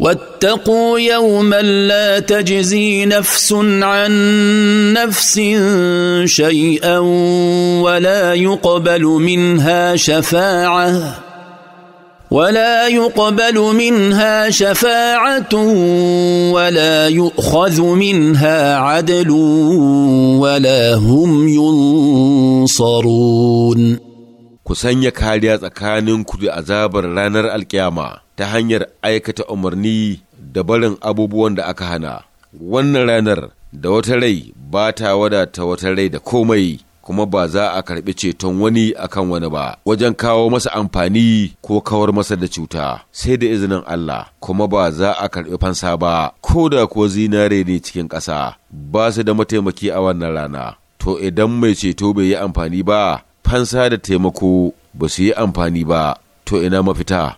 واتقوا يوما لا تجزي نفس عن نفس شيئا ولا يقبل منها شفاعه ولا يقبل منها شفاعه ولا يؤخذ منها عدل ولا هم ينصرون ku sanya kariya tsakanin ku da azabar ranar alkiyama ta hanyar aikata umarni da barin abubuwan da aka hana wannan ranar da wata rai ba ta wadata wata rai da komai kuma ba za a karɓi ceton wani akan wani ba wajen kawo masa amfani ko kawar masa da cuta sai da izinin Allah kuma ba za a karɓi fansa ba ko da ko zinare ne cikin ƙasa ba su da mataimaki a wannan rana to idan mai ceto bai yi amfani ba fansa da taimako ba su yi amfani ba, to ina mafita.